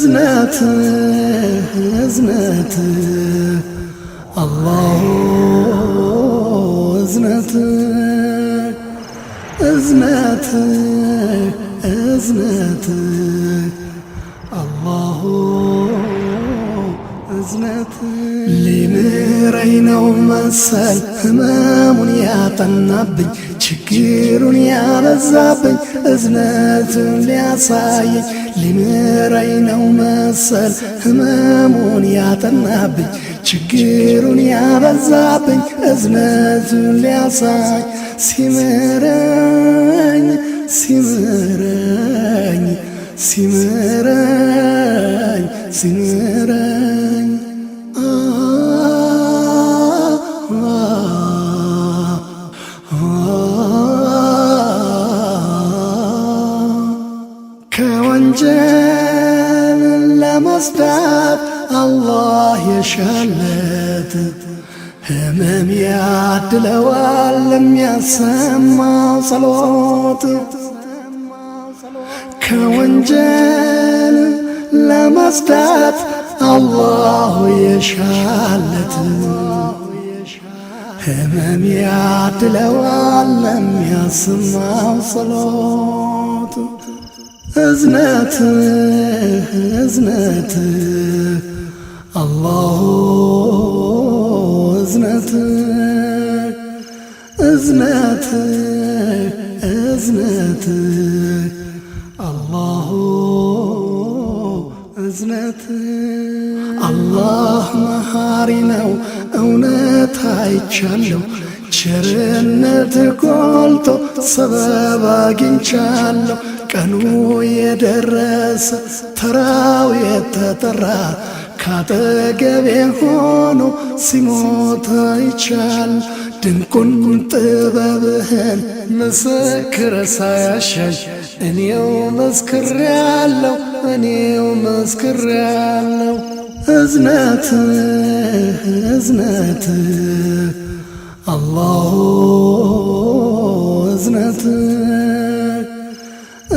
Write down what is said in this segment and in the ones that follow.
እዝነት እዝነት አላሁ እዝነት እዝነት እዝነት አላሁ እዝነት ሊምረኝ ነው መሰል ህመሙን ያጠናብኝ ችግሩን ያበዛብኝ እዝነትን ሊያሳየኝ ሊምረይ ነው መሰል ህመሙን ያጠናብኝ ችግሩን ያበዛብኝ እዝነቱን ሊያሳይ ሲምረኝ ሲምረኝ ሲምረኝ ሲምረኝ ተሻለት ህመም ያድለዋል ለሚያሰማው ጸሎት ከወንጀል ለመስዳት አላሁ የሻለት ህመም ያድለዋል ለሚያስማው ጸሎት እዝነት እዝነት አላሁ እዝነት እዝነት እዝነት አላሁ እዝነት አላህ መሃሪ ነው፣ እውነት አይቻለሁ። ቸርነት ጎልቶ ሰበብ አግኝቻለሁ። ቀኑ የደረሰ ተራው የተጠራ ካጠገቤ ሆኖ ሲሞት ይቻል ድንቁን ጥበብህን ምስክር ሳያሻኝ እኔው መስክር ያለው እኔው መስክሬያለሁ እዝነት እዝነት አላሁ እዝነት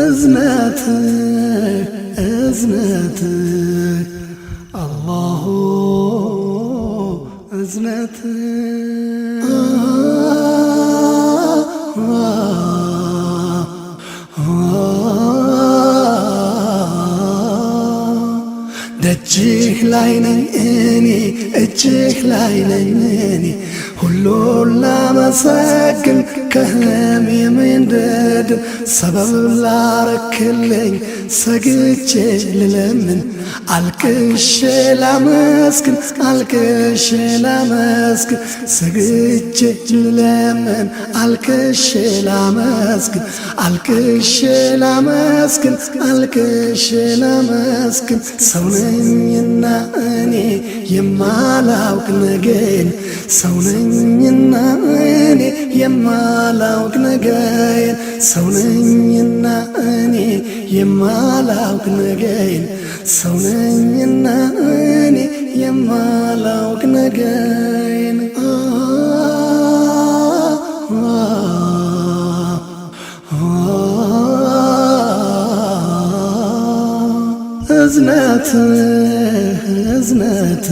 እዝነት እዝነት አላሁ እዝነት ደጅህ ላይ ነኝ እኔ እጅህ ላይ ነኝ እኔ ሁሉን ላመሰግን ከህሜ ምንድድ ሰበብ ላረክልኝ ሰግቼ ልለምን አልቅሼ ላመስግን አልቅሼ ላመስግን ሰግቼ ልለምን አልቅሼ ላመስግን አልቅሼ ላመስግን አልቅሼ ላመስግን ሰውነኝና እኔ የማላውቅ ነገን ሰውነኝና እኔ የማላውቅ ነገን ሰውነኝና እኔ የማላውቅ ነገይን ሰው ነኝና እኔ የማላውቅ ነገይን እዝነት እዝነት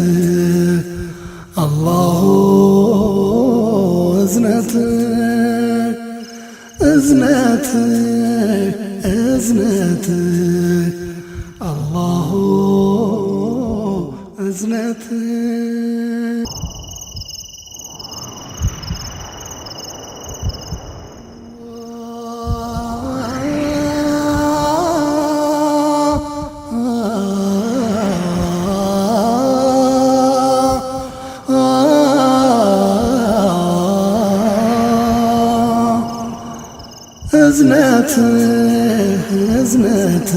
አላሁ እዝነት እዝነት እዝነት አላሁ እዝነት እዝነት እዝነት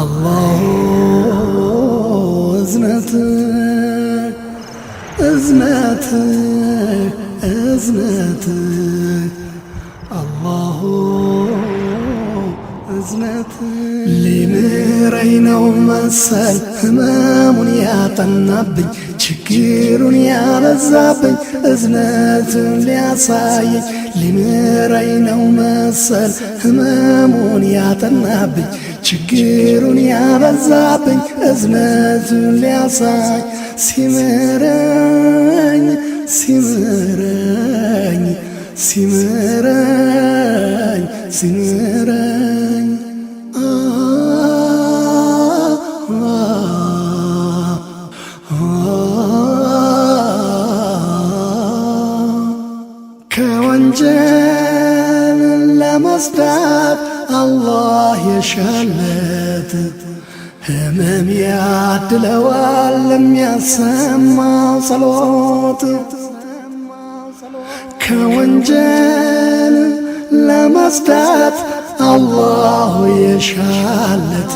አላሁ እዝነት እዝነት እዝነት አላሁ እዝነት ሊምረኝ ነው መሰል ህመሙን ያጠናብኝ ችግሩን ያበዛብኝ እዝነትን ሊያሳየኝ ሊምረኝ ነው መሰል ህመሙን ያጠናብኝ ችግሩን ያበዛብኝ እዝነቱን ሊያሳይ ሲምረኝ ሲምረኝ ሲምረኝ ሲምረኝ የሻለት ህመም ያድለዋል የሚያሰማው ጸሎት ከወንጀል ለማጽዳት አላሁ የሻለት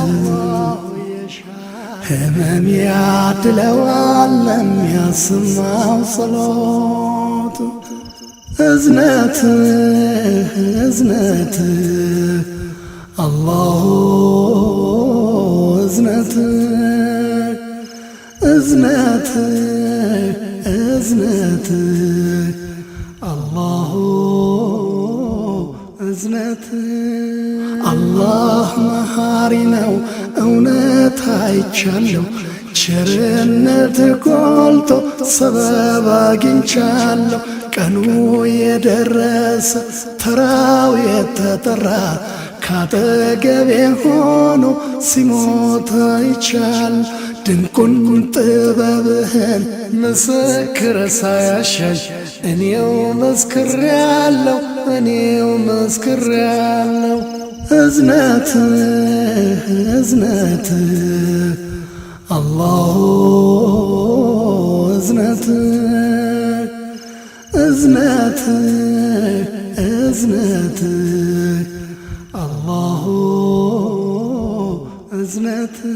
ህመም ያድለዋል የሚያሰማው ጸሎት እዝነት እዝነት አላሁ እዝነት እዝነት እዝነት አላሁ እዝነት አላህ መሐሪ ነው፣ እውነት አይቻለሁ። ቸርነት ጎልቶ ሰበብ አግኝቻለሁ። ቀኑ የደረሰ ተራው የተጠራ ካጠገቤ ሆኖ ሲሞት አይቻል ድንቁን ጥበብህን ምስክር ሳያሻይ እኔው መስክር መስክሬያለሁ እኔው መስክሬያለሁ እዝነት እዝነት አላሁ እዝነት እዝነት እዝነት Allahu Hazreti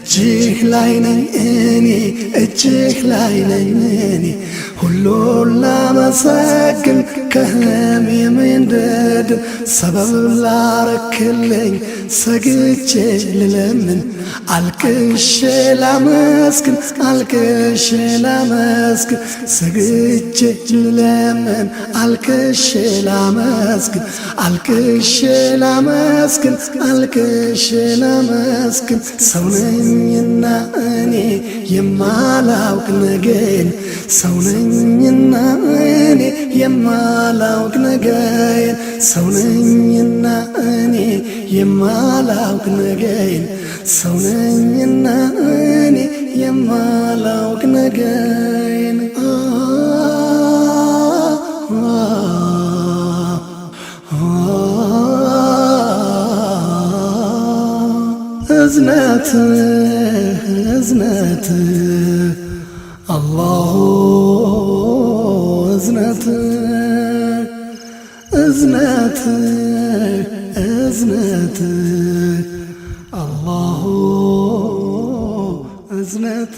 እጅህ ላይ ነኝ እኔ እጅህ ላይ ነኝ እኔ ሁሉን ለመሰግ ግን ከህም እንድድን ሰበብ ላረክልኝ ሰግቼ ልለምን አልቅሼ ላመስግን አልቅሼ ላመስግን ሰግቼ ልለምን አልቅሼ ላመስግን አልቅሼ ላመስግን አልቅሼ ላመስግን ሰውነኝና እኔ የማላውቅ ነገን ሰውነኝና እኔ የማላውቅ ነገይን ሰውነኝና እኔ የማላውቅ ነገይን ሰውነኝና እኔ የማላውቅ ነገይን እዝነት እዝነት አላሁ እዝነት እዝነት እዝነት አላሁ እዝነት